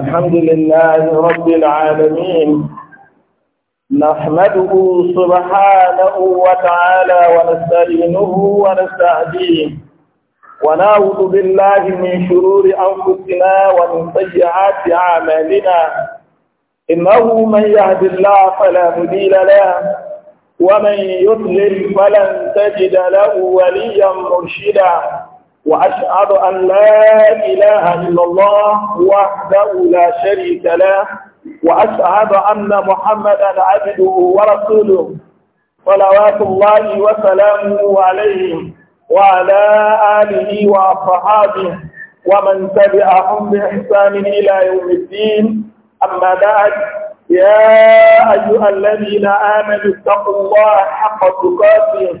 الحمد لله رب العالمين نحمده سبحانه وتعالى ونستعينه ونستهديه ونعوذ بالله من شرور أنفسنا ومن سيئات أعمالنا إنه من يهد الله فلا مضل له ومن يضلل فلن تجد له وليا مرشدا وأشهد أن لا إله إلا الله وحده لا شريك له وأشهد أن محمدا عبده ورسوله صلوات الله وسلامه عليه وعلى آله وأصحابه ومن تبعهم بإحسان إلى يوم الدين أما بعد يا أيها الذين آمنوا اتقوا الله حق تقاته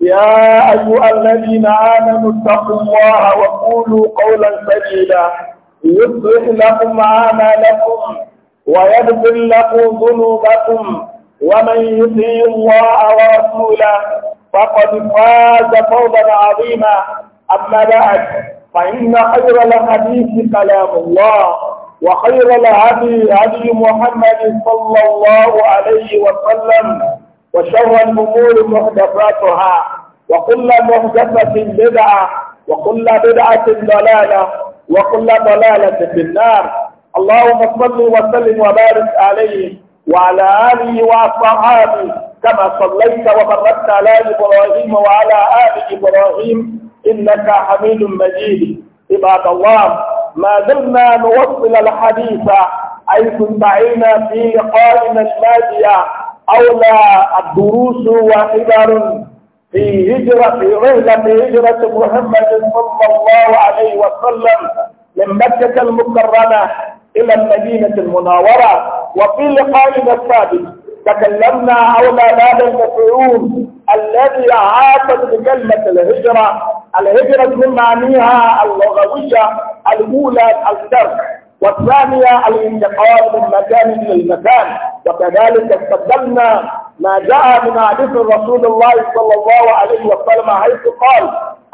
يا أيها الذين آمنوا اتقوا الله وقولوا قولا سديدا يصلح لكم أعمالكم ويغفر لكم ذنوبكم ومن يطيع الله ورسوله فقد فاز فوزا عظيما أما بعد فإن خير الحديث كلام الله وخير الهدي هدي محمد صلى الله عليه وسلم وشر الأمور محدثاتها وكل محدثة بدعة وكل بدعة ضلالة وكل ضلالة في النار اللهم صل وسلم وبارك عليه وعلى آله وأصحابه كما صليت وباركت على إبراهيم وعلى آل إبراهيم إنك حميد مجيد عباد الله ما زلنا نوصل الحديث حيث انتهينا في لقائنا الماضية أولى الدروس وعبر في هجرة في رهلة هجرة محمد صلى الله عليه وسلم من مكة المكرمة إلى المدينة المناورة وفي لقائنا السابق تكلمنا حول هذا المفعول الذي عاقد بكلمة الهجرة الهجرة من معنيها اللغوية الأولى الترك والثانية الانتقال من مكان إلى مكان وكذلك استدلنا ما جاء من حديث رسول الله صلى الله عليه وسلم حيث قال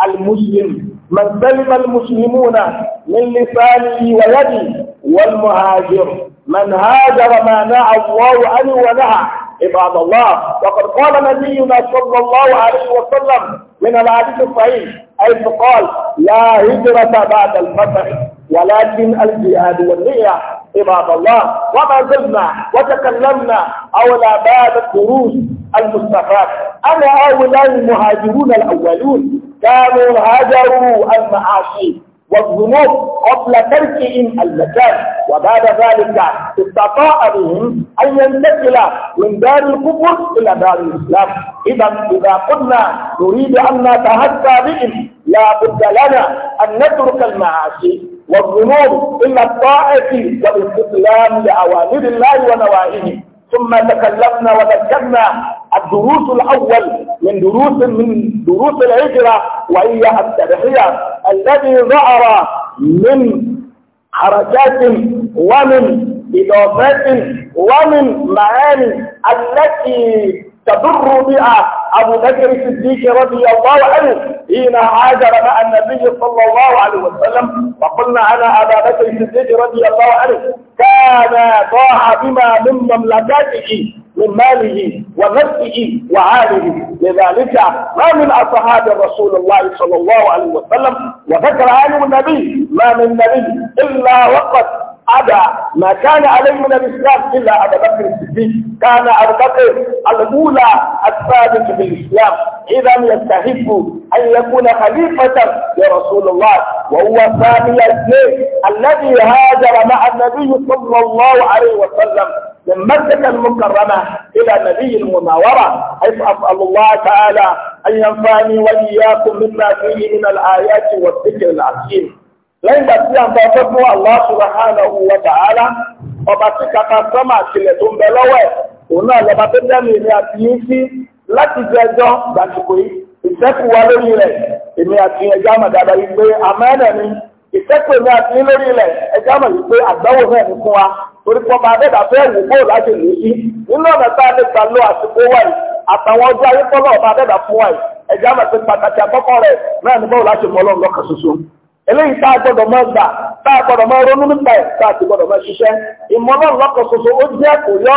المسلم من سلم المسلمون من لسانه ويده والمهاجر من هاجر ما نهى الله عنه ونهى عباد الله وقد قال نبينا صلى الله عليه وسلم من الحديث الصحيح حيث قال لا هجرة بعد الفتح ولكن الجهاد والنية عباد الله وما زلنا وتكلمنا أولى باب الدروس المستفاد أنا هؤلاء المهاجرون الأولون كانوا هاجروا المعاصي والذنوب قبل تركهم المكان وبعد ذلك استطاع بهم أن ينتقل من دار الكفر إلى دار الإسلام إذا إذا قلنا نريد أن نتهدى بهم لا بد لنا أن نترك المعاصي والذنوب إلى الطاعة والاستسلام لأوامر الله ونواهيه ثم تكلمنا وذكرنا الدروس الأول من دروس من دروس الهجرة وهي التضحية الذي ظهر من حركات ومن إضافات ومن معاني التي تضر بها أبو بكر الصديق رضي الله عنه حين هاجر مع النبي صلى الله عليه وسلم وقلنا على أبا بكر الصديق رضي الله عنه كان ضاع بما من مملكته من ماله ونفسه وعاله لذلك ما من أصحاب رسول الله صلى الله عليه وسلم وذكر عنه النبي ما من نبي إلا وقد أبى ما كان عليه من الإسلام إلا أبا بكر الصديق كان أبا بكر الأولى الثابت في الإسلام إذا يستحب أن يكون خليفة لرسول الله وهو ثاني الاثنين الذي هاجر مع النبي صلى الله عليه وسلم من مكة المكرمة إلى نبي المناورة حيث أسأل الله تعالى أن ينفعني وإياكم مما فيه من الآيات والذكر العظيم lẹ́yìn ìgbà tí a ń bá ọpẹ́ fún Allah subhanahu ọba tí kàkà sọ́mà àtìlẹ̀ tó ń bẹ lọ́wọ́ ẹ̀ òun náà lọ́ba tó dẹ́nu èmi àti yín sí láti jẹ ẹjọ́ yìí ìṣẹ́kù wa lórí rẹ̀ èmi àti ẹjọ́ yìí pé àmọ́ẹ̀nà ni ìṣẹ́kù èmi àti yín lórí rẹ̀ ẹjọ́ yìí pé àgbáwò náà ní fún wa torí pọ́ máa láti nínú ọ̀nà tá a lè gbà lọ àsìkò àtàwọn ọjọ́ ayé eléyìí tá a gbọ́dọ̀ máa gbà tá a gbọ́dọ̀ máa ronú nípa ẹ̀ tá a ti gbọ́dọ̀ máa ṣiṣẹ́ ṣoṣo ó jẹ́ kò rí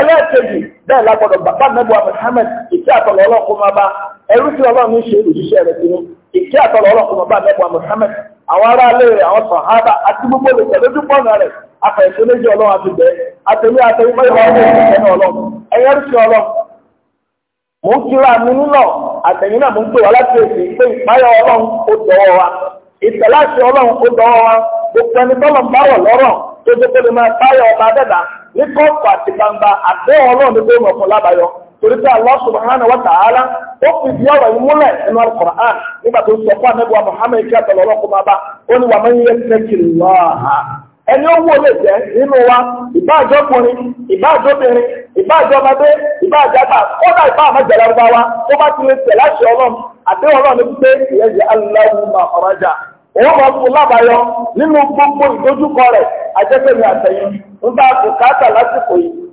ẹlẹ́ẹ̀kejì bẹ́ẹ̀ la bàbá nẹ́bùwà Muhammad ìkẹ́ àtọ̀lọ̀ ọlọ́kùn máa bá ẹrú tí ọlọ́run ṣe òṣìṣẹ́ rẹ̀ sínú àtọ̀lọ̀ máa ìtẹ̀láṣẹ ọlọ́run ó dọ́wọ́ wa gbogbo ẹni tọ́lọ̀ ń bá wọ̀ lọ́rọ̀ tó tó máa táyọ̀ ọba dẹ́dà ní kọ́ọ̀kọ̀ àti gbangba àdéhùn ọlọ́run ní gbóhùn lábàáyọ torí Allah wa ta'ala ó fi di ọ̀rọ̀ yìí múlẹ̀ nínú al-Qur'an nígbà tó sọ fún anábíwá Muhammad kí àtọ̀lọ́ máa bá ó ní ẹni ó lè nínú wa kódà tó bá ti lè àdéhùn ọlọ́run ló pé ìyẹ́jẹ́ aláwùmá ọ̀rọ̀jà òun máa fún lábàáyọ nínú gbogbo ìdójúkọ rẹ̀ ajẹ́pẹ̀mí àtẹ̀yìn ń bá bùkátà lásìkò yìí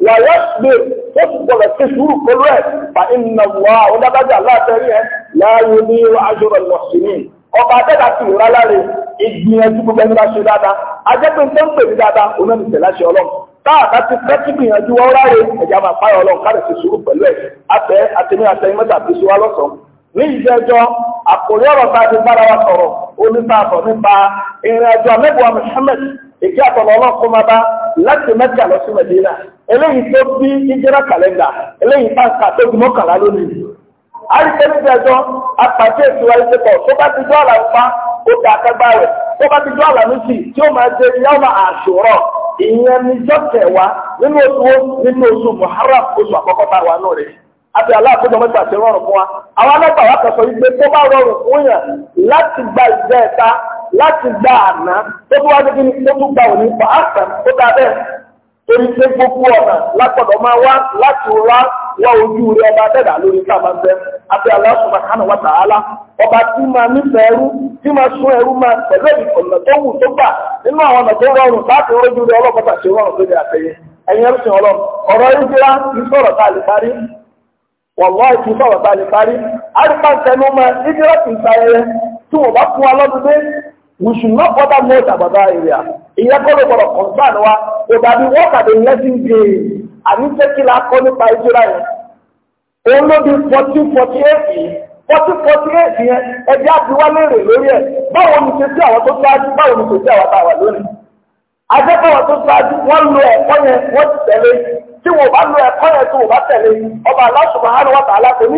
wàyà gbé ó sì gbọdọ̀ sí sùúrù pẹ̀lú ẹ̀ fa iná wà ó dábàjẹ́ aláàtẹ̀rí ẹ̀ láàyè ní ajọ́rọ̀ lọ́sìnì ọba adẹ́ta ti wúra láre ìgbìyànjú gbogbo ẹni bá ṣe dáadáa ajẹ́pẹ́ ń tẹ́ǹpẹ̀ ní dáadáa onáníṣẹ́ láṣẹ ọlọ́run táàbá ti fẹ́ tí gbìyànjú wọ́n ráre ẹ̀já máa pààyàn ọlọ́run káàdì sí sùúrù pẹ̀lú ẹ̀ àtẹ àtẹmí àtẹyìn mẹ́ta fi ṣúwá lọ́sàn-án ní ìjẹjọ àkòrí ọ̀rọ̀ tá a ti bára wa sọ̀rọ̀ onífàbọ̀ nípa ìrìn àjò àmẹ́bùwà Muhammad ìkí àtọ̀lọ́ ọlọ́kùnmábá láti Mẹ́kà lọ sí Mẹ́dínà eléyìí tó bí ìjẹ́rà kàlẹ́ndà eléyìí pàṣẹ tó di mọ́kànlá lónìí. àríkẹ́lẹ́dẹ̀ ẹjọ́ apàṣẹ ìtura ìṣepọ̀ tó bá ti dọ́ àlàǹfà ó dà àtẹ́gbà rẹ̀ tó bá ti dọ́ àlàmísì tí ó máa jẹ yàrá àṣùrọ̀ ìyẹn ní jọ́kẹ̀wá nínú oṣù nínú oṣù Muharram oṣù àkọ́kọ́ tá a wà náà rẹ̀ àti ti rọrùn fún wa àwọn gba àná tó torí pé gbogbo ọ̀nà lápọ̀dọ̀ máa wá láti wá wá ojú rẹ ọba lórí bẹ abẹ́ wa ta'ala ọba tí máa nífẹ̀ẹ́ ẹrú tí máa sún ẹrú máa pẹ̀lú ọ̀nà tó wù tó gbà nínú àwọn ọ̀nà tó rọrùn láti rojú rẹ ọlọ́pàá ṣe rọrùn lórí àtẹ̀yẹ ẹ̀yìn ẹrú sìn ọlọ́run ọ̀rọ̀ ìjìlá kì sọ̀rọ̀ tá a lè parí we should not bother much about that area ìyẹn kọ́ ló gbọ́dọ̀ concern wa kò dàbí what the lesson forty eight yẹn ẹbí léèrè lórí báwo ni ṣe sí àwọn tó ṣáájú báwo ni ṣe sí àwọn a wà lónìí tó ṣáájú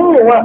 lo yẹn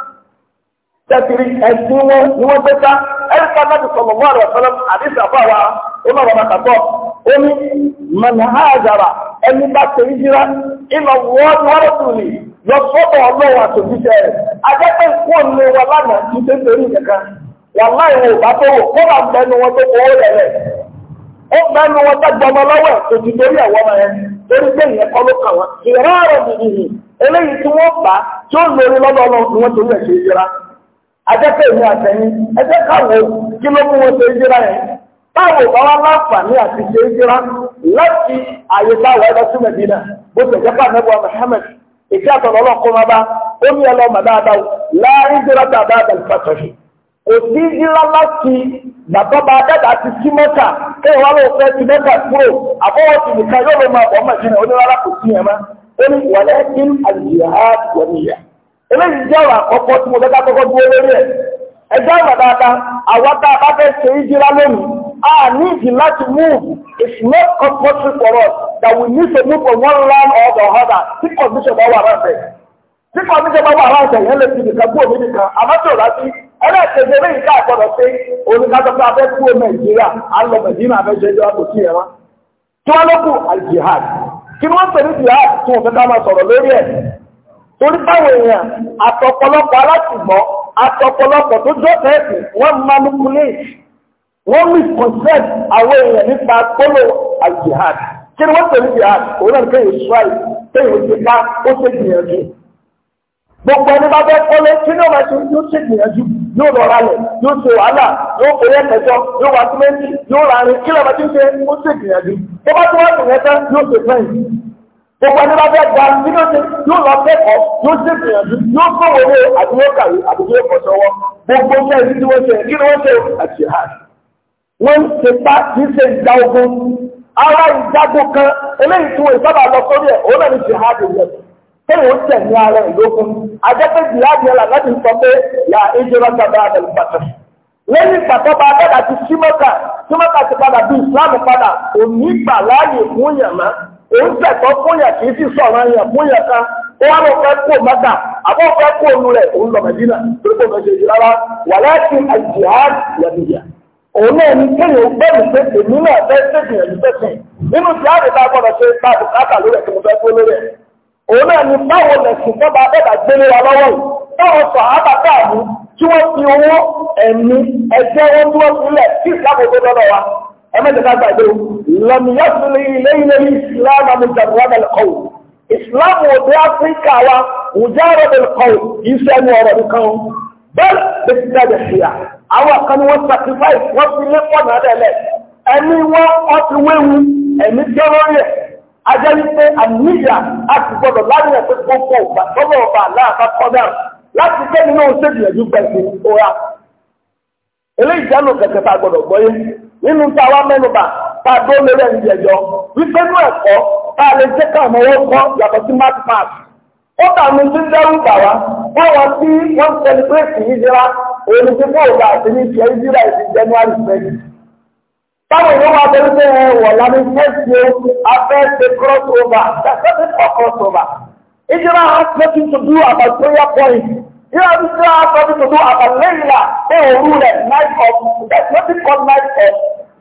tẹ́tìrì ẹ̀sìn wọn ni wọ́n gbé ká ẹ̀ríkà náà ti sọ̀rọ̀ mọ́ àrẹ̀ ọ̀sán àdìsí àfọwà ọlọ́run àtàkọ́ ó ní mọ̀nàhájàrà ẹni bá tẹ̀lé jíra ìlọ wọ́n ni wọ́n tún lè lọ sọ́tọ̀ ọlọ́run àtòjíṣẹ́ rẹ̀ ti ṣe láì bá tó wò kó bá bẹnu wọn tó kọ́ rẹ̀ rẹ̀ ó bẹnu wọn kà wọ́n eléyìí tí wọ́n ajẹ́pẹ́ èmi àtẹ̀yìn ẹjẹ́ káwọ́ kí ló mú wọn ṣe é jíra yẹn báwo láǹfààní àti ṣe é láti àyè táwọn ẹ̀rọ sí mẹ̀dínà bó ṣe jẹ́pà mẹ́bọ̀ Muhammad ìṣe àtọ̀rọ̀ ọlọ́kùnrin bá ó ní ẹ lọ láàrin jíra tàbá àdàlùfàtọ̀ṣì kò sí jíra láti bàbá bá dáadáa ti sí mẹ́ta kí wọ́n ti eléyìí jẹ́ ọ̀rọ̀ àkọ́kọ́ tí mo fẹ́ ká kọ́kọ́ dúró lórí ẹ̀ ẹjọ́ ọ̀rọ̀ dáadáa àwa tá a bá fẹ́ ṣe ìjìlá lónìí a láti it's not for us that we need to move from one land or the other condition bá wà tí bá wà yẹn lè fi nìkan ẹlẹ́ẹ̀kejì eléyìí ká pé Nàìjíríà á lọ kí wọ́n pè ní jihad tí wọ́n fẹ́ torí báwọn èèyàn àtọ̀pọ̀lọpọ̀ alátìgbọ́ àtọ̀pọ̀lọpọ̀ tó jọ fẹ́ẹ̀kì wọ́n manipulate wọ́n misconcept àwọn èèyàn nípa polo al-jihad kí ni wọ́n tẹ̀lé jihad òun náà kéèyàn strike kéèyàn ti ká ó ṣe gbìyànjú gbogbo ẹni bá bẹ́ kọ́lé kí ni ọmọ ẹ̀ṣẹ̀ yóò ṣe gbìyànjú yóò lọ ralẹ̀ yóò ṣe wàhálà yóò kórè ẹ̀kẹ́jọ yóò wá sílẹ̀ yóò rarin kí lọ́mọ tí ń ṣe ó ṣe gbìyànjú tó bá tó wá gbìyànjú yóò ṣe fẹ́yìn gbogbo ẹni bá fẹ́ gba bí ṣe yóò lọ kẹ́kọ̀ọ́ yóò ṣe gbìyànjú yóò kọ̀wé àdúgbò kàwé àdúgbò sọ́wọ́ gbogbo ọmọ ẹni tí wọ́n ṣe kí ni wọ́n ṣe àti hà. wọ́n ń ṣe pa kì í ṣe ìjà ogun ara ìjagun kan eléyìí tí wọ́n ìsábà lọ sórí ẹ̀ òun náà ní ṣe hàdù yẹn kéwì ó tẹ̀ ní ara ìlókun ajẹ́pẹ́ lẹ́yìn bá ti padà bí padà òní òun tẹ̀tọ́ kì í sì sọ̀rọ̀ yẹn fún yẹn ó wá lọ fẹ́ kó mẹ́ta àbọ̀ fẹ́ kó nu rẹ̀ òun lọ mẹ́dínà tó kò yìí rárá wà láti òun náà ní pé èmi náà fẹ́ ẹ̀mí nínú a bá gbọ́dọ̀ ṣe bá bùkátà lórí ẹ̀kí fẹ́ kó lórí ẹ̀ òun náà ní báwo tó bá bẹ́ẹ̀ wa lọ́wọ́ báwo sọ àbàtà ẹ̀mẹ́tẹ̀ká gbàgbé lọ́mìyàtúlẹ̀ ilé ilé islam amújàmúwádà lẹ́kọ̀ọ́ islam òde áfíríkà wa mùjáàrọ̀ lẹ́kọ̀ọ́ yìí sẹ́nu ọ̀rọ̀ nìkan bẹ́ẹ̀ bẹ́ẹ̀ ti dájẹ̀ sí à àwọn kan ni wọ́n sacrifice wọ́n fi lé pọ̀nà àdẹ́lẹ̀ ẹni wọ́n ọtí wéwu ẹ̀mí jẹ́ lórí ẹ̀ ajẹ́ àníyà a ti gbọ́dọ̀ láàrin gbogbo ọ̀gbà tọ́lọ̀ ọba aláàbá kọ́dà láti gbẹ́ni náà ṣèjìyànjú gbẹ̀sìn òra eléyìí jẹ́ lò kẹ̀kẹ́ tá a gbọ́dọ̀ gbọ́yé nínú tí àwa mẹ́nubà tá a dó lórí ẹ̀yìn ìjẹ̀jọ́ wípé inú ẹ̀kọ́ tá a lè jẹ́ káwọn ọmọ kọ́ yàtọ̀ sí math math ó dànù tí ń dẹ́rù bà wá báwọn tí wọ́n sẹlẹ̀bírẹ̀tì yìí jẹ́ra òun ti fún òun àti ní ìṣẹ́ ìdíra ìsìn January twenty. táwọn èèyàn wá bẹ́ẹ̀ pé ẹ wọ̀ lábẹ́ fẹ́ẹ̀sì o afẹ́ ṣe cross over ṣàkóso cross over. ìjọba has nothing to do about prayer point. You have still have something to do about Layla, night of, there's nothing called night of.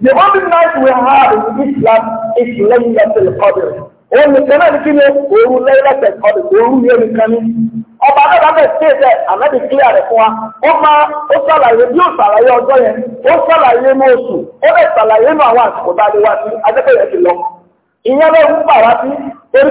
The only night we have in Islam is Layla o Qadr. Only can I begin to rule Layla till Qadr, they rule here in Kami. Ọba Adọ́dá bẹ̀ ṣe bẹ̀ o clear rẹ̀ fún wa. Ó máa ó ṣàlàyé bí ó ṣàlàyé ọjọ́ yẹn, ó ṣàlàyé inú oṣù, ó bẹ̀ ṣàlàyé inú àwọn àsìkò lè wá sí ti lọ. Ìyẹn ń pàrọ̀ sí orí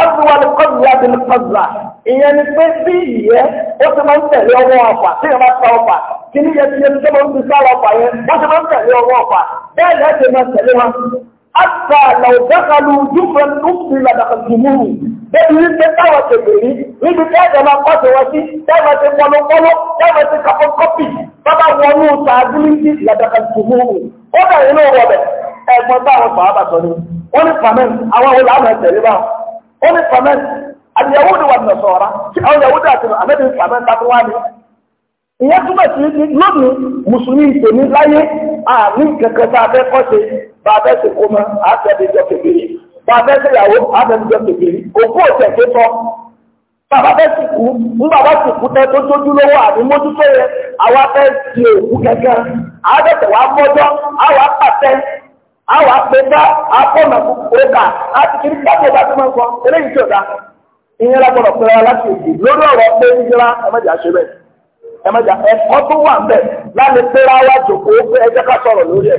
Azuwali kọ́dùlá bí kọ́dùlá. Ìyẹn ni pé bí ìyẹ́ ó ti máa ń tẹ̀lé ọwọ́ ọ̀fà tí ìyẹn bá ta ọ̀fà. Kí ni yẹn ti yẹn tó máa ń fi sára ọ̀fà yẹn? Wọ́n ti máa ń tẹ̀lé ọwọ́ ọ̀fà. Bẹ́ẹ̀ ni ẹ ti máa tẹ̀lé wọn. Àtà àlàó dákàlù dúpẹ́ lùpì làdàkà jùmúrù. Bẹ́ẹ̀ni ní pé táwọn ti bèrè níbi tí ẹ̀jẹ̀ máa kọ́ tiwọn sí, táwọn ti pọnopọ́nọ́, táwọn ti kàpọ́ kọ́pì, bábà wọnú tàbílì làdàkà jùmúrù. Ó bẹ̀rẹ̀ inú rọ̀bẹ̀ ẹ̀gbọ́n táwọn bàbá sọ ni. Wọ́n ní pàmẹ́ àwọn olùhàmẹ̀ tẹ̀lé báwọn ó ní kọ̀mẹ́ntì àyẹ̀wò ni wà ní ọ̀sọ̀ọ̀rá tí àwọn yẹ̀wò dà tẹ̀lé àmẹ́bí kọ̀mẹ́ntì àti wá ní. ìyẹn túmọ̀ sí ní lónìí mùsùlùmí ìtòní láyé àmì kẹ̀kẹ́ tá a fẹ́ kọ́ ṣe bá a fẹ́ ṣe kó mọ́ àtẹ̀bíjọ kékeré bá a fẹ́ ṣe ìyàwó àtẹ̀bíjọ kékeré òkú òtẹ̀ ké sọ. bàbá fẹ́ sìnkú ń bàbá sìnkú tẹ́ tó tójú lówó àmì mójútó yẹ àwa fẹ́ ṣe òkú kẹ̀kẹ́ àádọ́tẹ̀ wa mọ́jọ́ àwa pàtẹ́ àwọn apẹta akọ́nà òkà àti kiri káàkiri ọba tó máa ń sọ eléyìí tí ò dá ìyẹn lágbọ́dọ̀ pẹ̀lú ara láti òkè lórí ọ̀rọ̀ pé ìyẹra ẹmẹ́jà ṣe bẹ́ẹ̀ ẹmẹ́jà ẹ̀kọ́ tó wà ń bẹ̀ láti pẹ̀lú ara jòkó ẹjẹ́ ká sọ̀rọ̀ lórí ẹ̀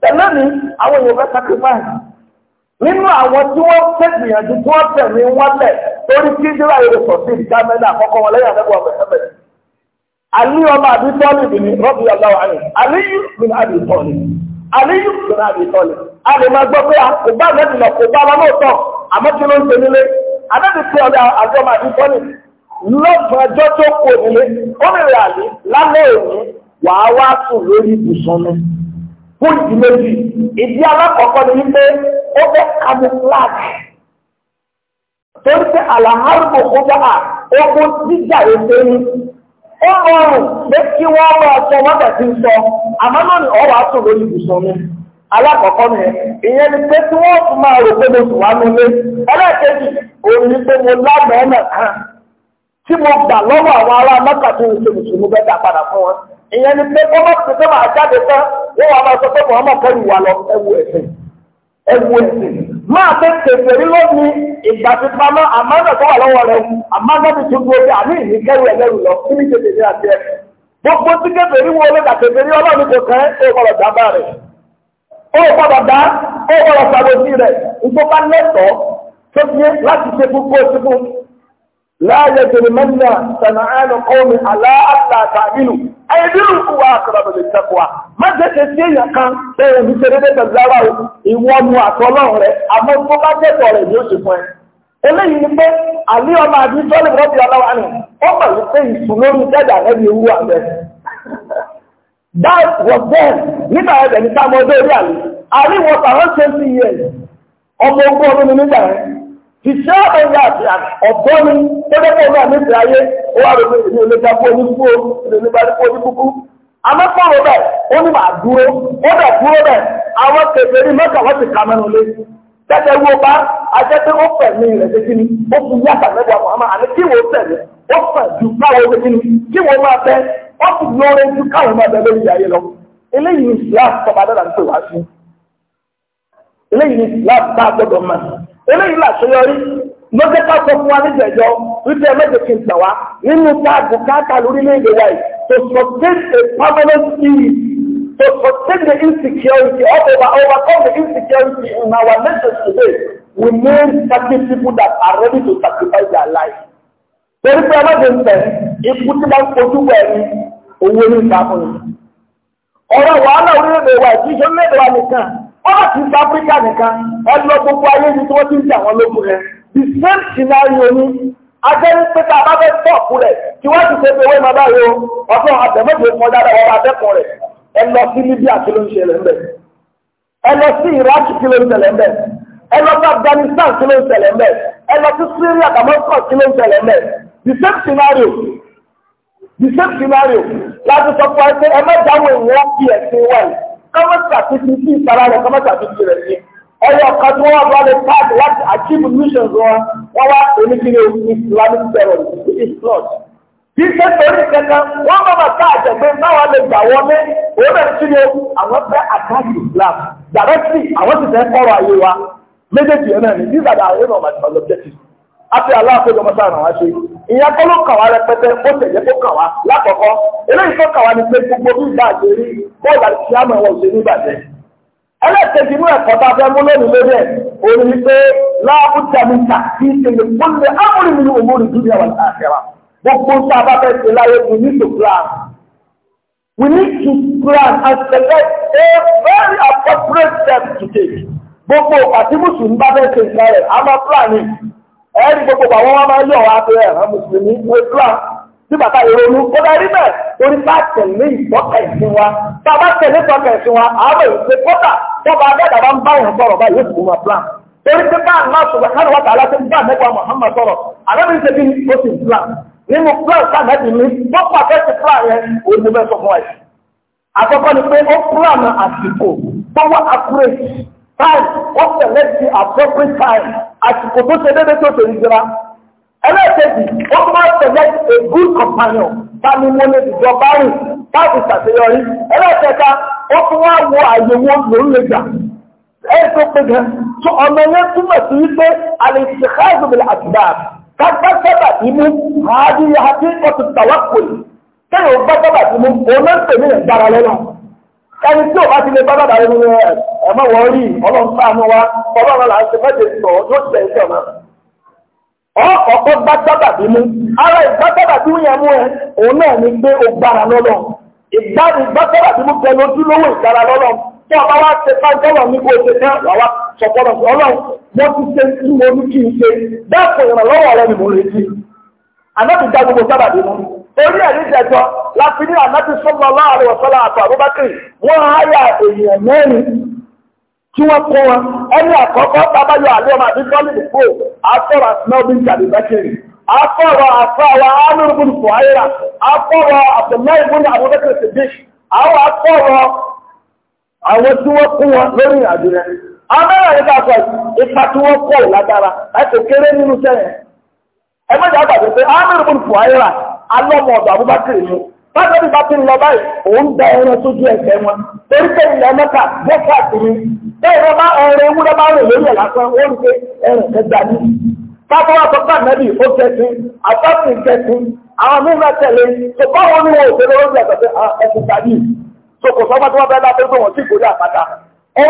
tẹ̀lé mi àwọn èèyàn fẹ́ sacrifice nínú àwọn tí wọ́n fẹ́ gbìyànjú tí wọ́n tẹ̀mí wọ́n lẹ̀ torí kí ìdílé ayé rẹ̀ sọ̀tì ìdámẹ́lẹ̀ àkọ́kọ́ wọn lẹ́yìn àdẹ́gbọ̀ ọ̀bẹ̀ ẹ̀bẹ̀. Àlí ọmọ àbí tọ́lì bì ní rọ́bì tọ́lì. tọ́lì. A lè máa bóyìí méjì ìdí alákọ̀ọ́kọ́ ni wípé ó fẹ́ kamuflage torí pé àlàhárùbò kọjá à ogun jíjà èdè ni ó rọrùn pé kí wọ́n bá sọ mọ́tà tí ń sọ àmọ́ náà ni ọ̀rọ̀ á tún lórí ibùsùn mi alákọ̀ọ́kọ́ ni ìyẹn ni pé tí wọ́n tún máa rò pé mo sùn wá nílé ẹlẹ́ẹ̀kejì òun ni pé mo lánàá náà kan tí mo gbà lọ́wọ́ àwọn ará mọ́tà tó ń ṣe mùsùlùmí bẹ́ẹ̀ dá padà fún wọn ìyẹn ni pé kọ́mọ́tì tó máa jáde tán wọ́n wà máa sọ pé Muhammad kẹrù wà lọ ẹwu ẹ̀sìn ẹwu ẹ̀sìn máa fẹ́ tètè rí lómi ìgbà tí pamọ́ àmọ́nà tó wà lọ́wọ́ rẹ̀ àmọ́nà ti tún dúró àmì ìní kẹrù ẹlẹ́rù lọ kí ní tètè rí àti ẹ gbogbo tí kèfèrí wọlé kàkèfèrí ọlọ́run kò kẹ́ ó gbọ́dọ̀ dábàá rẹ̀ ó gbọ́dọ̀ لا يجرمن a قوم على ألا تعدلوا أيدلوا هو أقرب للتقوى ما تكسي يقان سيئا بسريدة الزراء إيوان وعطوله رẹ̀ àmọ́ tó bá tẹ́tọ̀ rẹ̀ ni ó sì fún ẹ eléyìí ni pé àlé ọmọ àbí sọ́lẹ̀ rọ́bì aláwa ni ó mọ̀ ewu that was then ni Ìṣẹ́ ọ̀gá àti ọ̀bọ ni gẹ́gẹ́ bí ọ̀gá níbi ayé, ó wà lórí ìlú olójà fún onígbó, ìlú olójà fún oníkúkú. Àmọ́ sọ̀rọ̀ bẹ́ẹ̀, ó ní màá dúró, ó dẹ̀ dúró bẹ́ẹ̀, àwọn kèfèrí mẹ́ta wọ́n ti kà mẹ́nu lé. Gẹ́gẹ́ wo bá ajẹ́ pé ó fẹ̀ mí rẹ̀ ṣe kí ni, ó fi yàtà lẹ́gbàá Mùhàmmá, àní kí wo tẹ̀lé, ó fẹ̀ ju káwọn ṣe kí ni, kí wo máa bẹ́, ó fi lóore ju káwọn máa bẹ́ lórí ayé lọ. Eléyìí ni Islam tọ́ba dára ń pè wá sí. Eléyìí ni Islam bá gbọ́dọ̀ máa eléyìí làṣeyọrí lọ́jọ́ ká fún wa níjẹ̀jọ́ wípé ẹ mẹ́jọ kí n wá nínú táàbù káàkà lórílẹ̀-èdè wa yìí to sustain a permanent peace to sustain the insecurity or over overcome the insecurity in our nation today we need certain people that are ready to sacrifice their life. torí pé ọlọ́dẹ ń bẹ̀ ikú tí wọ́n fojú wẹ̀ ní owó ní ìsàmúlò. ọ̀rọ̀ wàhálà orílẹ̀-èdè wa ìtújọ́ mẹ́rin wa nìkan ọ́ọ̀tì ìta áfíríkà nìkan ẹlọ gbogbo ayé ni tí wọ́n ti ń jà wọn lógun rẹ̀ the same scenario ni ajẹ́rí pé tá a bá fẹ́ tọ́ọ̀kù rẹ̀ tí wọ́n ti ṣe pé wọ́n máa bá yọ ọdún àtẹ̀mọ́tò kan dáadáa wọn bá dẹ́kun rẹ̀ ẹ lọ sí Libya kí ló ń ṣẹlẹ̀ ń bẹ̀ ẹ lọ sí Iraq kí ló ń ṣẹlẹ̀ ń bẹ̀ ẹ lọ sí Afghanistan kí ló ń ṣẹlẹ̀ ń bẹ̀ ẹ lọ sí Syria Damascus kí ló ń ṣẹlẹ̀ ń bẹ̀ the same scenario the same scenario láti sọ fún ẹ pé ẹ má jáwé ìwọ́n kí ẹ̀sìn wáyé kọ́mọ́tà títí sí ìtara rẹ̀ kọ́mọ́tà títí rẹ̀ ní ẹ̀yọ kan tí wọ́n wá bọ́ọ̀lù káàdì láti achieve missions wọn wọ́n wá oníkiri islamic terrorism ní islam kì í ṣe torí kankan wọ́n bá bá ká àjẹgbẹ́ náà lè gbà wọlé òun náà kí ni àwọn fẹ́ àkáàdì islam directly àwọn sì fẹ́ kọ́rọ̀ ayé wa méjèèjì náà ní these are the areas of my objectives àti aláàfẹ́jọ mọ́tà ràn wá ṣe ìyẹn kọ́ ló rẹpẹtẹ ó tẹ̀lé kó kàn wá eléyìí tó kàn ni pé gbogbo bí ìgbà àti orí bọ́ọ̀lù àti síámù ẹ̀wọ̀n òṣèlú ìbàjẹ́ ẹlẹ́ẹ̀kejì inú ẹ̀kọ́ tá a fẹ́ mú lónìí lórí ẹ̀ òun ni pé láàbùjàmí ta kí ìṣẹ̀lẹ̀ kúnlẹ ámúrin mi ni òmùrin dúdú àwọn àṣẹwà gbogbo tá a bá fẹ́ ṣe láyé we need to plan we need to plan and select a very appropriate step to take gbogbo àti mùsùlùmí bá fẹ́ ṣe ìṣẹ̀lẹ̀ àmọ́ plan ni ẹ̀rí gbogbo àwọn wa máa yọ̀ wá pé mùsùlùmí ní Islam tí bàtà ìrònú ó darí bẹ́ẹ̀ torí bá tẹ̀lé ìtọ́ka ẹ̀sìn wa tá bá tẹ̀lé ìtọ́ka wa kọ́tà bá ń bá sọ̀rọ̀ bá yóò fún wa plan torí bá àná sọ̀rọ̀ káàdì wàtà aláṣẹ bá mẹ́kọ̀ Muhammad sọ̀rọ̀ ṣe bí ó sì plan nínú plan mi plan yẹn ní bẹ́ẹ̀ sọ fún wa yìí àkọ́kọ́ ni pé ó plan àsìkò time wọ́n select the appropriate time àsìkò tó ṣe déédéé tó ṣe ìjọra ẹlẹ́ẹ̀kejì wọ́n máa select a good companion tani mo lè dìjọ bárùn láti ṣàṣeyọrí ẹlẹ́ẹ̀kẹta wọ́n tún wá wo àyè wo lòún lè gbà ẹ̀yìn tó pé gan tó ọ̀nà yẹn túmọ̀ sí wípé àlè ìṣèkáàzù bìlà àtìgbà kápẹ́ sábà ìmú àádìyà àti ọ̀tún tàwápò kéèyàn bá sábà ìmú òun náà ń pè ní ẹ̀dára lẹ́nu ẹni tí o bá ti lè bá bàbá rẹ̀ nínú ẹ̀ mọ̀ wọ́n rí ọlọ́run sáànù wa ọlọ́run là ń ṣe mẹ́jẹ sọ̀ yóò tẹ̀ ẹ̀ṣẹ̀ ọ̀nà. ọkọ̀ gbá sábàbí mú ara ìgbá sábàbí yẹn mú ẹ òun náà ní pé o gbára lọ́lọ́ ìgbá ìgbá sábàbí mú pẹ̀lú ojúlówó ìgbára lọ́lọ́ tí ọba wa ṣe pàǹtọ́lọ̀ ní kó o ṣe tán wàá sọ̀pọ̀lọ̀ ọlọ́run mo ti ṣe tí mo ní kí n ṣe bẹ́ẹ̀ kò ìrànlọ́wọ́ rẹ ni mo retí àná orí ẹ̀rí jẹjọ láti ní ànábì sallallahu alaihi wasallam àtọ̀ àbúbákìrì wọ́n háyà èèyàn mẹ́rin tí wọ́n kó wọn ẹni àkọ́kọ́ tábáyọ àlẹ́ ọmọ bọ́ọ̀lù nìkó àtọ̀rọ̀ àtìmọ́bí jàdùbákìrì àtọ̀rọ̀ àfọwà ánúrúbùn fòáyà àtọ̀rọ̀ àtọ̀mọ́ìbùn àbúbákìrì sèdè àwọn àtọ̀rọ̀ àwọn tí wọ́n kó wọn lórí ìrìnàjò rẹ̀ amẹ́rẹ̀ nípa sọ ipa tí wọ́n lágbára kéré nínú sẹ́yìn pé fòáyà alọ́mọ ọ̀dọ̀ ń lọ báyìí òun da ẹran sójú ẹsẹ̀ wọn torí pé ilẹ̀ mẹ́ta mẹ́ta sí ni bẹ́ẹ̀ lọ bá ẹran ewúrẹ́ bá rìn lórí ẹ̀ lásán ó ń pé ẹran kẹta ní. bákan ó kẹsí àtọ́sí kẹsí àwọn mímọ́ tẹ̀lé tó bá wọn ní lórí tí wọ́n àpáta. ó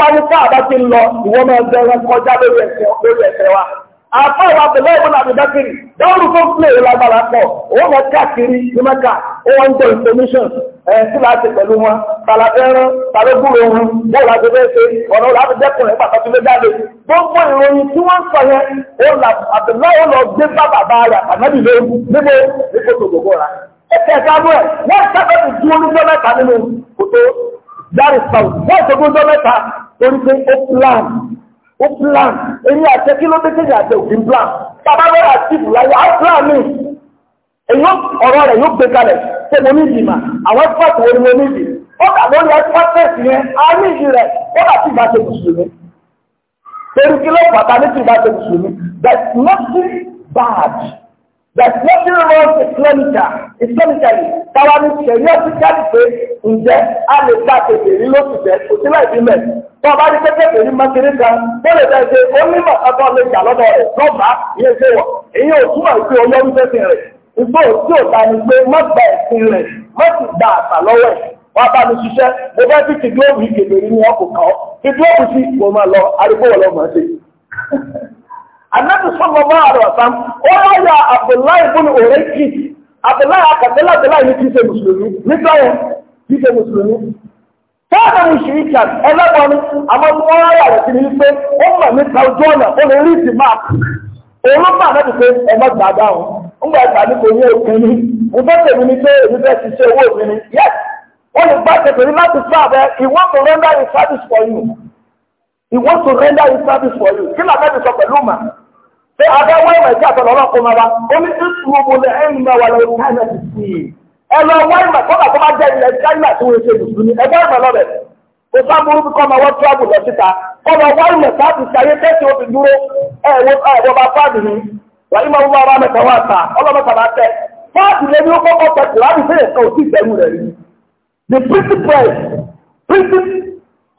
wá ní àpá ìwà bẹ̀rẹ̀ ìwọ̀n àbẹ̀dákiri dáwọ́rù tó ń pè é lágbára pọ̀ owó mọ̀ káàkiri ní mẹ́ka ó wọ́n ń tọ́ information ẹ̀ sí láti pẹ̀lú wọn tàlàfẹ́rán tàlógúrò ohun bọ́ọ̀ láti fẹ́ ṣe ọ̀nà láti dẹ́kùnrin pàtàkì lé jáde gbogbo ìròyìn tí wọ́n ń sọ yẹn ó là àbẹ̀lẹ́ ó lọ gbé bá bàbá rẹ̀ àtàmẹ́bí lé níbo ní kòtò gbogbo ra ẹ̀kẹ́ ìsàmú ẹ̀ wọ́n sábẹ́ ti dúró níjọ́ mẹ́ta nínú kòtò dárí sàù wọ́n ìṣògùn ọjọ́ mẹ́ta torí pé ó plan ó plan èyí àti kílómítírì àti òfin plan bàbá bẹ́ẹ̀ àtìfù láyé á plan mi èyí ọ̀rọ̀ rẹ̀ yóò gbé kalẹ̀ pé mo ní ìdìmà àwọn ẹ́fọ́ọ̀tì wo ni mo ní ìdì ó kà lórí ẹ́fọ́ọ̀tì yẹn á ní ìdì rẹ̀ ó kà sí ìbáṣe mùsùlùmí torí kí ló pàtàkì ní ti ìbáṣe mùsùlùmí but nothing bad That nothing wrong Islamically. Islamically, táwa ní ṣẹ̀yìn ọ́fíṣàlì pé ǹjẹ́ a lè gba kèfèrí lóṣù jẹ́ kò sí láì bímẹ. Tó o bá rí pé kèfèrí mọ́kiri kan, ó lè fẹ́ ṣe onímọ̀ ọgbọ́n lè jà lọ́dọ̀ rẹ̀ lọ́gbà ìyẹn ṣe wọ̀. Èyí ò túmọ̀ sí olórí fẹ́sìn rẹ̀. Ìgbó tí ò ta ni pé má gba ẹ̀sìn rẹ̀, má sì gba àṣà lọ́wọ́ ẹ̀. Wọ́n bá mi ṣiṣẹ́, mo fẹ́ fi tìdúró mi kèfèrí ní ọkùnkan. Tìdúró mi sí, mo máa lọ, arúgbó wọ̀ lọ́mọ Ànábì sallallahu alaihi wasallam ó láyà Abdullahi ibn Urayki Abdullahi akàtẹ́lá Abdullahi ní kìí ṣe mùsùlùmí nígbà yẹn kìí ṣe mùsùlùmí. Fẹ́ẹ̀rẹ̀ mi ṣì ń kà ẹlẹ́gbọ́n ni àmọ́ tí wọ́n ọ rẹ̀ sí ni wípé ó mọ̀ nípa ojú ọ̀nà ó lè rí ni He wants to render his service for you. Kí làbẹ́ mi sọ pẹ̀lú mà? Ṣé abẹ́wọ́ ìmọ̀ ìdí àtọ̀lọ́ náà kó máa bá? Ó ní ìṣòro lè ẹ̀yìn náà wà lórí China ti sí i. Ẹ lọ wá ìmọ̀ kọ́nà tó máa jẹ́ ilẹ̀ China tí wọ́n ṣe Mùsùlùmí. Ẹ bá ìmọ̀ lọ́bẹ̀. Kò sá burú bí kọ́nà wọ́n tíráàbù lọ síta. Kọ́nà wá ìmọ̀ sáàbù ṣayé tẹ́sí ó fi dúró. Ẹ wọ bá fáàdì ni. Wà ní máa wá mẹ́ta wá ta. Ọlọ́mọta máa tẹ. Fáàdì lé ní ó kọ́kọ́ tẹ Kùránì sí ẹ̀ka òsì ìtẹ́rù rẹ̀ rí. The principal principal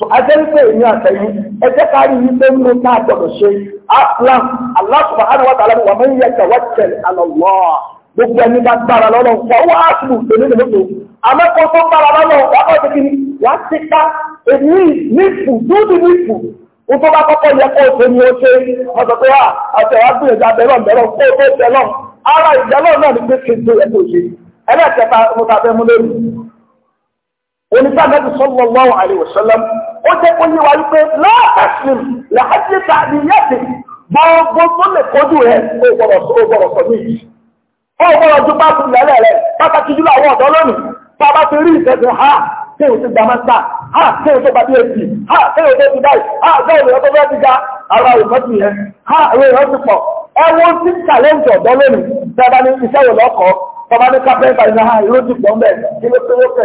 so ajẹ́rìpé èmi àtẹ̀yìn ẹjẹ́ kárí yìí pé nínú náà gbọ́dọ̀ ṣe aflam Allah subhanahu wa ta'ala wa man yatawakkal ala Allah gbogbo ẹni bá gbára lọ́nà ọwọ́ àtúbù èmi lè mọ́tò amẹ́kọ̀ọ́ tó gbára lọ́nà wákọ̀ tó kiri wá sí ká èmi nífù dúdú nífù n tó bá kọ́kọ́ yẹ kó o ní o ṣe ọ̀sọ̀ tó wà àti ẹ̀wá gbìyànjú abẹ́rọ̀ mẹ́rọ̀ kó o tó tẹ̀ lọ́n ara ìjẹ́lọ́ náà ni pé kí n tó yẹ kó o ṣe ẹlẹ́ẹ̀kẹta mo ta fẹ́ mú lórí onígbàgbẹ́bí sallallahu alaihi wasallam ó jẹ́ kó yíwa wípé láàtàṣìm làájí tàbí yẹ́sì gbogbo tó lè kojú rẹ̀ ó gbọ́dọ̀ sọ ní yìí ó gbọ́dọ̀ tó bá tún lẹ́lẹ̀ rẹ̀ pàtàkì jùlọ àwọn ọ̀dọ́ lónìí bàbá ti rí ìtẹ̀sìn ha tí o ti gba mẹ́ta ha tí o tó bá dé èsì ha tí o tó ti dáì ha bẹ́ẹ̀ lè ọtọ́ bẹ́ẹ̀ ti ga ara ha àwọn èèyàn ti pọ̀ ẹwọ́n ti challenge ọ̀dọ́ lónìí tẹ́bá ní iṣẹ́ wò lọ́kọ̀ọ́ tọ́ba ní kápẹ́ńtà ìnáhà ti pọ̀ mẹ́ẹ̀ kí ló tó lókè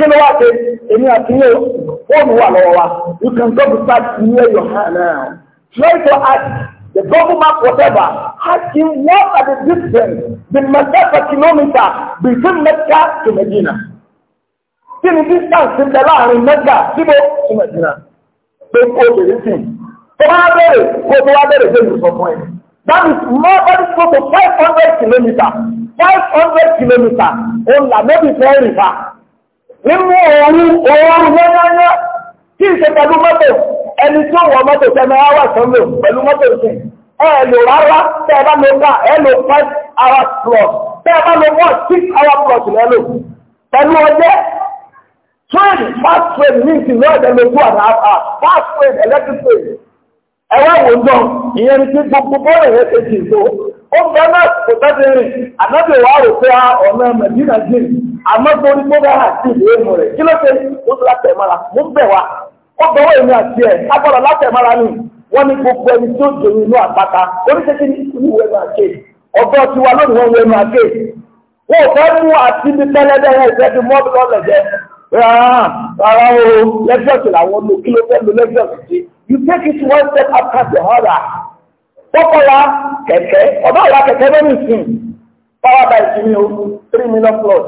kí ló wá ṣe èmi àti yóò fóònù wà lọ́wọ́ wa you can go beside near your hand now try to ask the government whatever asking what are the distance the meter per kilometer between Mecca to Medina kí ni distance ti bẹ láàrin Mecca síbò to Medina pé kó o bèrè sí tó bá bèrè kó o tó wá bèrè dé ìlú fún ẹ that is more than is close to five hundred kilometer five hundred kilometer òun là mẹ́bí fẹ́ rìn mímú òórùn òórùn yányányá tí ìṣe pẹ̀lú mọ́tò ẹni tí ó wọ mọ́tò tẹ́mẹ́ áwà sọ́lọ̀ pẹ̀lú mọ́tò ìṣìn ẹ̀lò rárá tẹ́ẹ̀bá ló bá ẹ̀lò 5 hours plus tẹ́ẹ̀bá ló wọ́n 6 hours plus lẹ́lò pẹ̀lú ọjẹ́ train fast train ní ìsìnlẹ̀ ọ̀dẹ́ ló kú àná àpá fast train electric train ẹ̀wọ̀n wò ń dán ìyẹn ní gbogbo bọ́ọ̀lù rẹ̀ ṣe jì tó ó bẹ́ẹ̀ kò tẹ́tẹ́ rìn ànábì wà rò pé ah, ọ̀nà mẹ̀dínà jìn àmọ́ torí tó bá àti ìwé mu rẹ̀ kí ló ṣe ó ti látẹ̀ mọ́ra mú bẹ̀ wá ó bẹ̀wọ̀ èmi àti ẹ̀ agbọ́dọ̀ látẹ̀ ni wọ́n gbogbo ẹni tó jòyìn inú àpáta oníṣẹ́kí ní ìwé máa ké ọ̀dọ́ ti wá lónìí wọ́n wé máa ké wọ́n ò mú àti ibi tẹ́lẹ́dẹ́ yẹn ìfẹ́ fi mọ́bí rárá o làwọn lò lò sí you take it one step after the other Wọ́pọ̀ ya kẹ̀kẹ́, ọ̀dọ́ ìyá kẹ̀kẹ́ lónìí ìsìn, power by ìsinmi o, three million plus.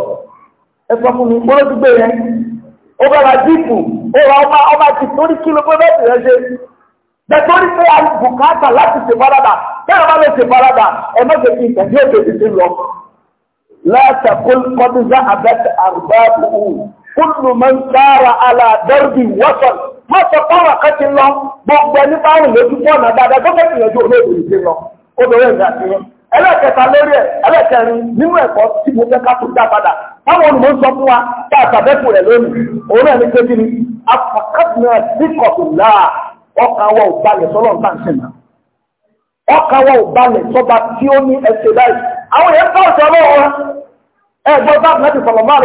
Ẹ sọ fún mi, gbọ́dọ̀ dúgbò yẹn. Ó bá ra jíìpù, ó ra ọmọ ọmọ ti torí kí ló gbọ́dọ̀ tẹ̀lé ṣe. Bẹ̀tọ́rí pé a bùkátà láti ṣèfaradà, bẹ́ẹ̀ bá lè ṣèfaradà, ẹ má ṣe fi ìtẹ̀jú ètò ìdíje lọ. Látàkùn kọ́dúnzá àbẹ́tẹ̀ àrùbá kúlù mọ́ ń sára aládọ́rùbí wọ́sọ̀lù. wọ́n sọ pàwọ̀ kan ti lọ gbogbo ẹni lójú dáadáa olóògùn ìdí lọ obìnrin ìgbà wọn. ẹlẹ́kẹta lórí ẹlẹ́kẹrin nínú ẹ̀kọ́ tí mo fẹ́ ká tó dá padà sọ fún wa tá a sàbẹ́kù rẹ̀ lónìí òun náà ní kéjì ni afọkàtúnà síkọ̀tù láà ọkàn wa ò balẹ̀ sọ́lọ́ ọkàn wa ò balẹ̀ sọba tí ó ní ẹsẹ̀ báyìí àwọn wa bá sọ̀rọ̀ máa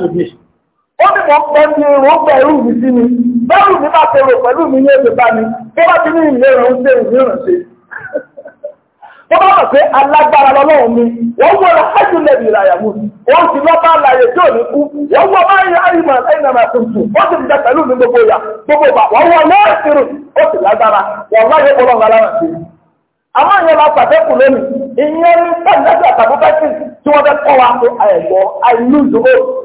lọ ni ó ní mọ̀ pẹ́ ní ìrọ̀gbà ẹrú mi sí mi bẹ́rù mi bá ṣe rò pẹ̀lú mi ní èdè bá mi tó bá ti ní ìlera ń ṣe ìrìnrìn ṣe. tó bá wà pé alágbára lọ́wọ́ mi wọ́n wọ́n lọ lẹ́bi ìlàyà mú wọ́n sì bá láyé tí ò ní kú wọ́n wọ́n gbogbo gbogbo wọ́n wọ́n ó sì lágbára wọ́n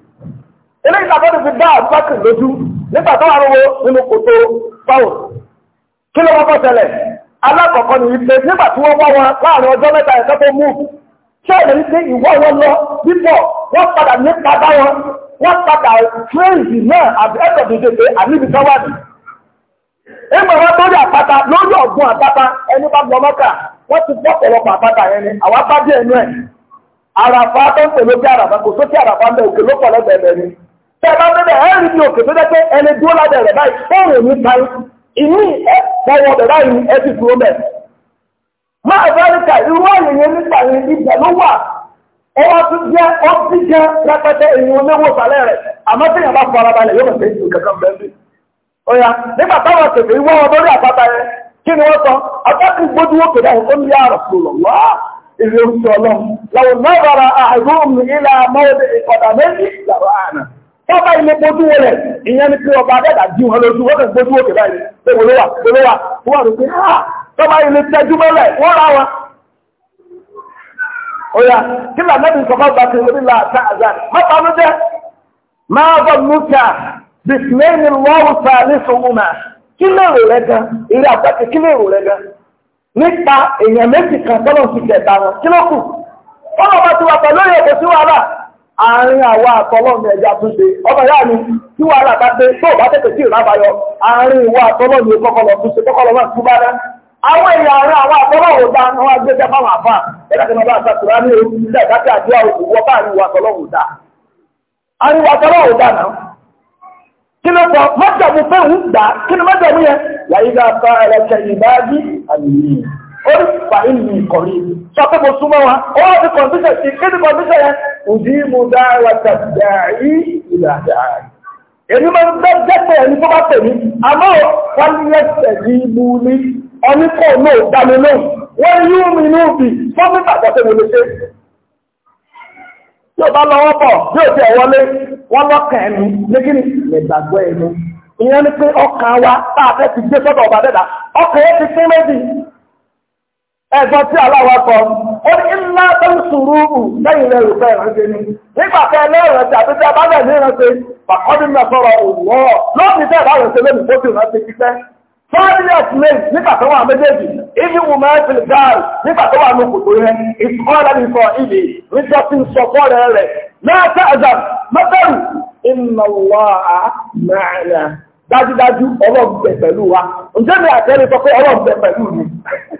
ilé ìtàkọ́dù fi dá àbúkàkì lójú nígbà tó wà lówó nínú kòtò báwò kí ló kọ́kọ́ tẹ̀lẹ̀ alákọ̀ọ́kọ́ ni ìpè nígbà tí wọ́n wá wọn láàrin ọjọ́ mẹ́ta ẹ̀kọ́ tó mú ṣé ẹ̀rẹ́ ní pé ìwọ́ wọn lọ bípọ̀ wọ́n padà nípa bá wọn wọ́n padà tírèǹdì náà àbí ẹ̀kọ́ tó ṣe pé àníbi kan wà ní. ìgbà wọn tó rí àpáta lórí ọ̀gbun àpáta ẹni bá gbọ́ mọ́kà wọ́n ti gbọ́ pọ̀lọpọ̀ àpáta yẹn ni àwọn bá díẹ̀ nú ẹ̀ àràfà tó ń pè lókè àràfà kò sókè àràfà ń bẹ òkè ló pọ̀ lọ́gbẹ̀ẹ́ bẹ̀rẹ̀ tẹ́ bá bẹ́bẹ̀ ẹ́ rí bí òkè tó dẹ́kẹ́ ẹni dúró lábẹ́ rẹ̀ báyìí fóònù ní parí ìní ẹ bẹ̀ báyìí ẹ dúró bẹ̀. máa fẹ́ríkà irú àyẹ̀yẹ nípa yìí ibẹ̀ ló wà jẹ́ jẹ́ rẹpẹtẹ rẹ̀ àmọ́ tí yàrá balẹ̀ yóò kankan bẹ́ẹ̀ bí. Tọ́ba ilé gbójú wo rẹ̀, ìyẹn ni pé ọba dẹ́dà jí wọn lójú, wọ́n kàn gbójú òkè báyìí, pé wọ́n ló wà, wọ́n ló wà, wọ́n wà ló pé ha, tọ́ba ilé tẹ́jú mọ́lẹ̀, wọ́n ra wọn. Oya, kí lànà bí nǹkan bá gba ti lórí la ta àzá, má banú jẹ́, má bọ̀ nùkà, bìsìmẹ́ni lọ́wọ́ sa ní sọ́wọ́mà, kí lè rò rẹ̀ gan, ilé àgbàkẹ́ kí lè rò rẹ̀ gan. Nípa èèyàn méjì kan tọ́lọ̀ fi jẹ̀ àárín awa àtọ́lọ́nù ẹja tún ọmọ ìyá mi tí wàá rà bá tó bá tètè tí ìrà àárín ìwà àtọ́lọ́nù kọ́kọ́lọ́ tún ṣe kọ́kọ́lọ́ tún bá dá àwọn èèyàn àárín àwọn àtọ́lọ́nù dá àwọn agbẹ́jẹ́ fáwọn àfà bá ní ilẹ̀ ó ní fà ìlú mo súnmọ́ wa ó wá ndị kọ̀ǹdíṣẹ̀ sí kí ni kọ̀ǹdíṣẹ̀ yẹn òdì mú dára tàbí ìlà dára èmi máa ń gbẹ́ jẹ́pẹ̀ ẹni tó bá pè mí àmọ́ ní ní ní ọní náà náà ní òbí fún mi mo lè ṣe tí bá bí ti wọ́n lọ́kàn ẹnu ẹnu ìyẹn ni pé ọkàn wa tá a fẹ́ ẹ̀gbọ́n tí aláwa ó ní ńlá tó ń sùúrù lẹ́yìn rẹ̀ rò fẹ́ ìrànṣẹ́ nígbà tẹ lẹ́rọ̀ tí àti tí a ní ìrànṣẹ́ pàkọ́dé ní ọ̀sọ̀rọ̀ òwúrọ̀ lọ́ọ̀dì tẹ́ ìbá ìrànṣẹ́ lónìí tó ti ìrànṣẹ́ ti fẹ́. Fọ́ọ̀dì àtìlẹ́yìn nígbà tó wà méjèèjì, ibi wù máa gáàrì nígbà tó wà ní kòtò rẹ̀, ìsọ́ọ̀lá ní sọ ìdè, níjọ́ tí ń sọ fọ́ rẹ̀ rẹ̀.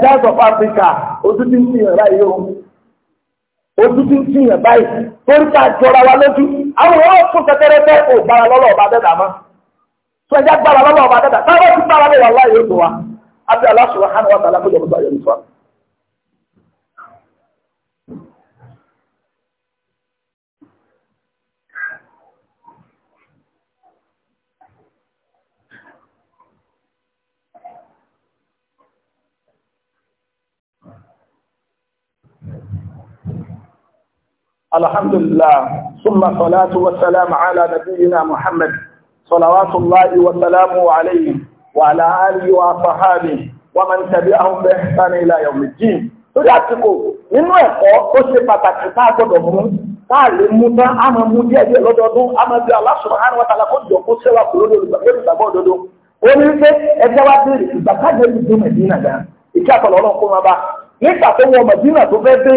Jazz eh, of Africa ojú tí ń fi báyìí o ojú ń fi báyìí jọra wa lójú àwọn ọ̀rọ̀ fún kẹkẹrẹfẹ ò gbára lọ́lọ́ ọba dẹ́dà mọ́ tó ẹja gbára lọ́lọ́ ọba dẹ́dà táwọn ti gbára lọ́wọ́ aláìyé tó wa abẹ́ aláṣọ الحمد لله ثم صلاة والسلام على نبينا محمد صلوات الله وسلامه عليه وعلى آله وصحابه ومن تبعهم بإحسان إلى يوم الدين lórí àtìkò nínú ẹ̀kọ́ tó ṣe pàtàkì tá a gbọ́dọ̀ mú tá a lè mú tán a máa mú díẹ̀ díẹ̀ lọ́dọọdún a máa bí Allah subhanahu wa ta'ala kó jọ kó ṣẹ́wà kúrò lórí olùgbàgbọ́ òdodo ó ní pé ẹgbẹ́ wa béèrè ìgbà kájọ ìlú dé Mẹ̀dínà gan ìkí àtọ̀lọ́ kó máa bá nígbà tó wọ Mẹ̀dínà tó fẹ́ dé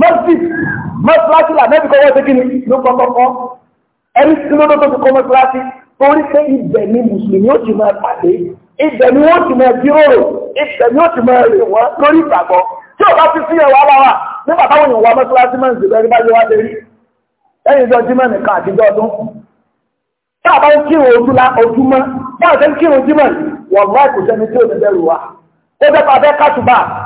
masjid masilasi la nẹ́bí kọ́kọ́ ṣe kíni ló kọ́kọ́ kọ́ ẹni tí ló tó kọ́ masilasi torí pé ibẹ̀ ni mùsùlùmí ó ti máa pàdé ibẹ̀ ni wọ́n ti máa jíròrò ibẹ̀ ni ó ti máa rè wọ́n lórí ìgbàgbọ́ tí ò bá ti sí ẹ̀wà wá wà nígbà táwọn èèyàn wá masilasi máa ń zèlè ẹni bá yẹ wá lérí ẹni ìjọ jímọ̀ nìkan àtijọ́ ọdún tá a bá ń kírun ojúmọ́ tá a bá ń kírun jímọ̀ wọ̀n láì kò sẹ́ni tí ò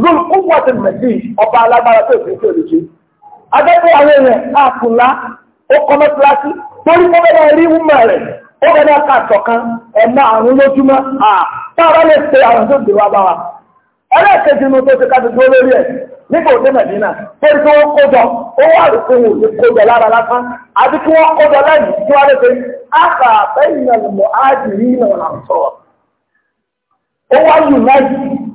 zul kúwàtí mẹ̀sí ọba alágbára tó ìfẹ́ òde ṣe. Adẹ́kọ̀ àwọn èèyàn àkùnlá ó kọ́ mọ́síláṣí torí kọ́ bẹ́ẹ̀ rí wúmọ̀ rẹ̀ ó bẹ́ẹ̀ ká àtọ̀kan ẹ̀mọ́ àrùn lójúmọ́ à táwọn lè ṣe àwọn tó dé wá wa. Ẹlẹ́ẹ̀kejì ni tó ṣe ká ti dúró lórí ẹ̀ nígbà òde Mẹ̀dínà torí kí wọ́n kó jọ ó wà kó jọ lára lásán kí wọ́n kó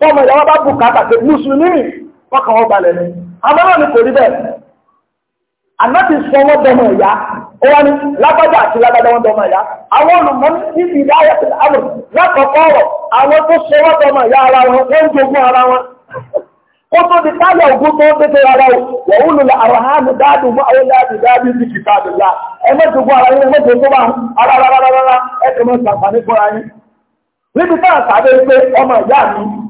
fọ́mọ ìyàwó bá bù kàtà pé mùsùlùmí ọkàn wọn balẹ̀ ni àmọ́ náà ni kò rí bẹ́ẹ̀ ànábì sọ wọ́n ìyá ó wá ní lágbájá àti lágbájá wọn dọmọ ìyá àwọn ní lákọ̀ọ́kọ́ ọ̀rọ̀ àwọn tó ìyá ara wọn wọ́n ń jogún ara wọn ó tó di táyà ògún tó ń tètè ara o wọ́n ó àwọn àwọn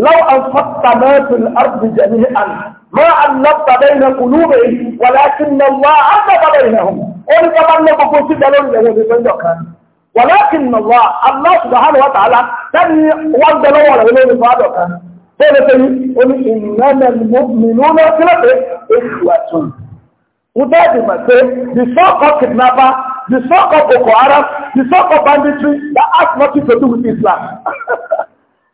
لو أنفقت ما في الأرض جميعا ما ألفت بين قلوبهم ولكن الله ألف بينهم قل كمان لو كنت دلون له ولكن الله الله سبحانه وتعالى لم يوضع له ولا بلون بندق قل إنما المؤمنون ثلاثة إخوة وذلك ما say the so-called kidnapper the so-called Boko Haram the so-called banditry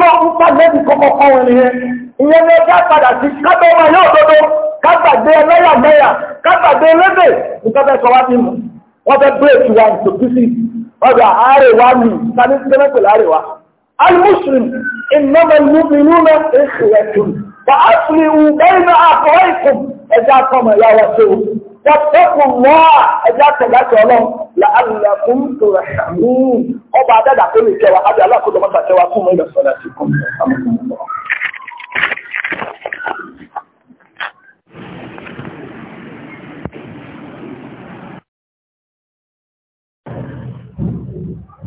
tó ń pàgbẹ́bì kọ́kọ́ kọ́ wọn nìyẹn ìyẹn ni ẹjá padà sí kábẹ́ ọmọ yóò dodo kábàdé ẹlẹ́yàmẹ́yà kábàdé ẹlẹ́dẹ̀ nǹkan fẹ́ sọ wá sí wọ́n fẹ́ bírèkì wa ọjà àárẹ̀wá mi sani tẹ́lẹ̀ pẹ̀lú àárẹ̀wá. ìnáwó wà á fi bẹ́ẹ̀ ní àkọ́wé ìkùn ìyá wa wọ́pẹ́kù mọ́ ẹ̀jẹ̀ àtẹ̀láṣẹ ọlọ́run làálùlà fún tòrà ṣàmùún ọba adẹ́dà tó lè tẹ̀wá àbí alákòóso mọ́tà tẹ̀wá fún mọ́ ìlọsọ̀rọ̀